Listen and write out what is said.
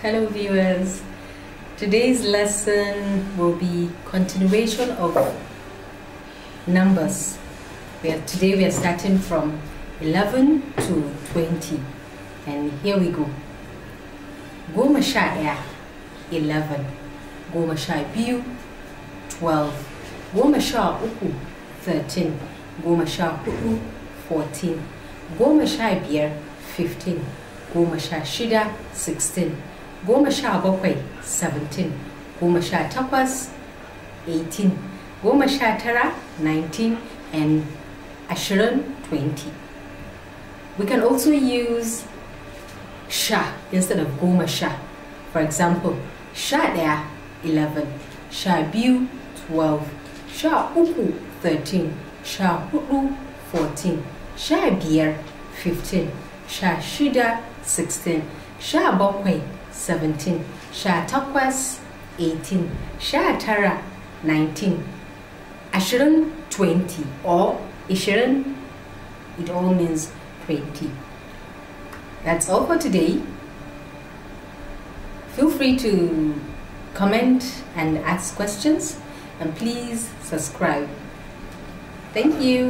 Hello viewers. Today's lesson will be continuation of numbers. We are, today we are starting from 11 to 20. And here we go. Go sha 11. Go sha 12. Go sha uku, 13. Go sha 14. Go sha 15 goma sha shida 16 goma sha bakwai 17 goma sha takwas 18 goma sha tara 19 and ashirin 20 we can also use sha instead of goma sha for example sha daya 11 sha biyu 12 sha uku 13 sha hudu 14 sha biyar 15 sha shida 16 sha bakwai 17 sha takwas 18 sha tara 19 ashirin 20 or ishirin it all means 20 that's all for today feel free to comment and ask questions and please subscribe thank you